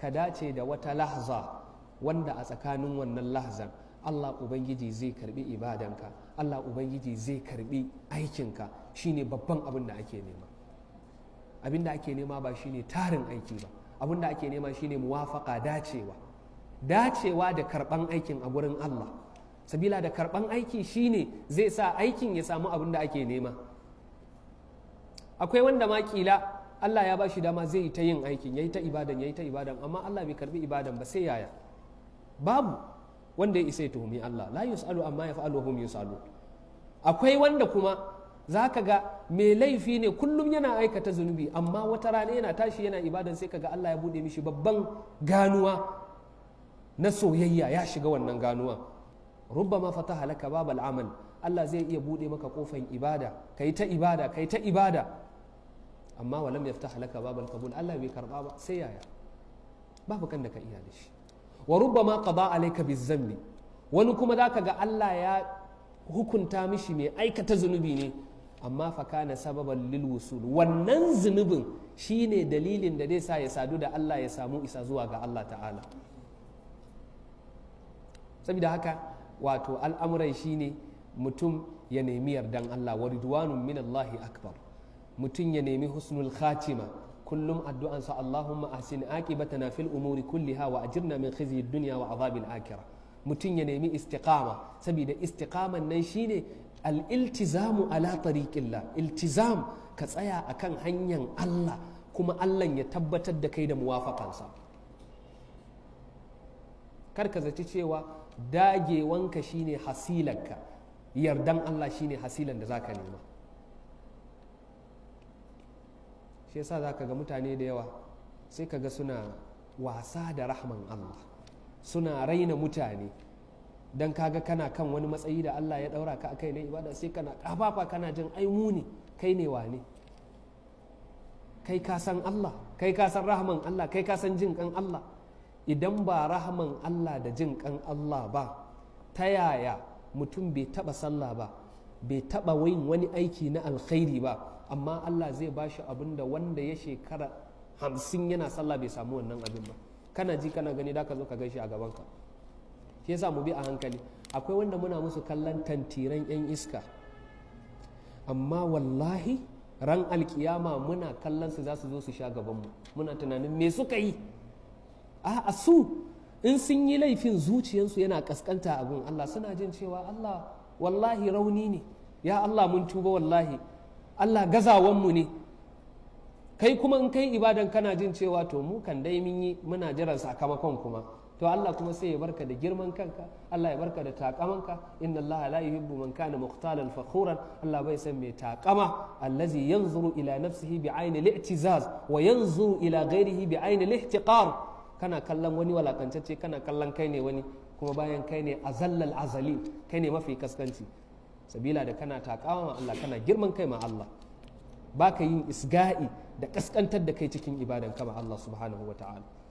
ka dace da wata lahza wanda a tsakanin wannan lahzan Allah Ubangiji zai karbi ibadanka Allah Ubangiji zai karbi aikinka shine babban abin da ake nema abin da ake nema ba shine tarin aiki ba abin da ake nema shine muwafaka dacewa dacewa da karban aikin a gurin Allah sabila da karban aiki shine zai sa aikin ya samu abin da ake nema akwai wanda ma kila Allah ya bashi dama zai yi ta yin aikin yi ta ibadan yi ta ibadan amma Allah bai karbi ibadan ba sai yaya babu wanda ya isa ya tuhumi Allah la yusalu amma ya fa'alu hum yusalu akwai wanda kuma zaka ga mai laifi ne kullum yana aikata zunubi amma wata rana yana tashi yana ibadan sai kaga Allah ya bude mishi babban ganuwa na soyayya ya shiga wannan ganuwa rubbama fataha laka babal amal Allah zai iya bude maka kofan ibada kai ta ibada kai ta ibada amma walam yaftah laka babal qabul Allah bai karba ba sai yaya babu kan da ka iya da shi wa rubbama qada alayka bizambi wani kuma zaka ga Allah ya hukunta mishi mai aikata zunubi ne amma fa kana sababan lil wusul wannan zunubin shine dalilin da zai sa ya sadu da Allah ya samu isa zuwa ga Allah ta'ala saboda haka wato al'amuran shine mutum ya nemi yardan Allah wa ridwanun minallahi akbar mutum ya nemi husnul khatima kullum addu'ansa Allahumma ahsin aqibatana fil umuri kulliha wa ajirna min khizyi dunya wa azabil akhirah mutum ya nemi istiqama saboda istiqaman nan shine al iltizamu ala tariqillah iltizam ka tsaya akan hanyar Allah kuma Allah ya tabbatar da kai da muwafakansa. kar ka zaci cewa dagewanka shine hasilanka yardan Allah shine hasilan da zaka nema shi yasa za ka ga mutane da yawa sai ka ga suna wasa da rahman Allah suna raina mutane don kaga kana kan wani matsayi da Allah ya daura ka a kai na ibada sai kana kafafa kana jin ai muni kai ne wane kai ka san Allah kai ka san rahman Allah kai ka san jin kan Allah idan ba rahman Allah da jin kan Allah ba ta yaya mutum bai taɓa sallah ba bai taɓa wayin wani aiki na alkhairi ba amma Allah zai ba shi abin da wanda ya shekara hamsin yana sallah bai samu wannan abin ba kana ji kana gani da ka zo ka gaishe a gaban ka shi yasa mu bi a hankali akwai wanda muna musu kallon tantiran yan iska amma wallahi ran alkiyama muna kallon su za su zo su sha gaban mu muna tunanin me suka yi a su in sun yi laifin zuciyarsu yana kaskanta abin Allah suna jin cewa Allah wallahi rauni ne ya Allah mun tuba wallahi Allah gazawanmu ne kai kuma in kai ibadan kana jin cewa to mu kan dai mun yi muna jiran sakamakon kuma to Allah kuma sai ya barka da girman kanka Allah ya barka da takamanka inna Allah la yuhibbu man kana muqtalan fakhuran Allah bai san mai takama allazi yanzuru ila nafsihi bi aini al-i'tizaz wa yanzuru ila ghairihi bi aini al-ihtiqar kana kallon wani walakantacce kana kallon kai ne wani kuma bayan kai ne azallal azali kai ne mafi kaskanci sabila da kana takawa ma Allah kana girman kai ma Allah baka yin isga'i da kaskantar da kai cikin ibadan kama Allah subhanahu wa ta'ala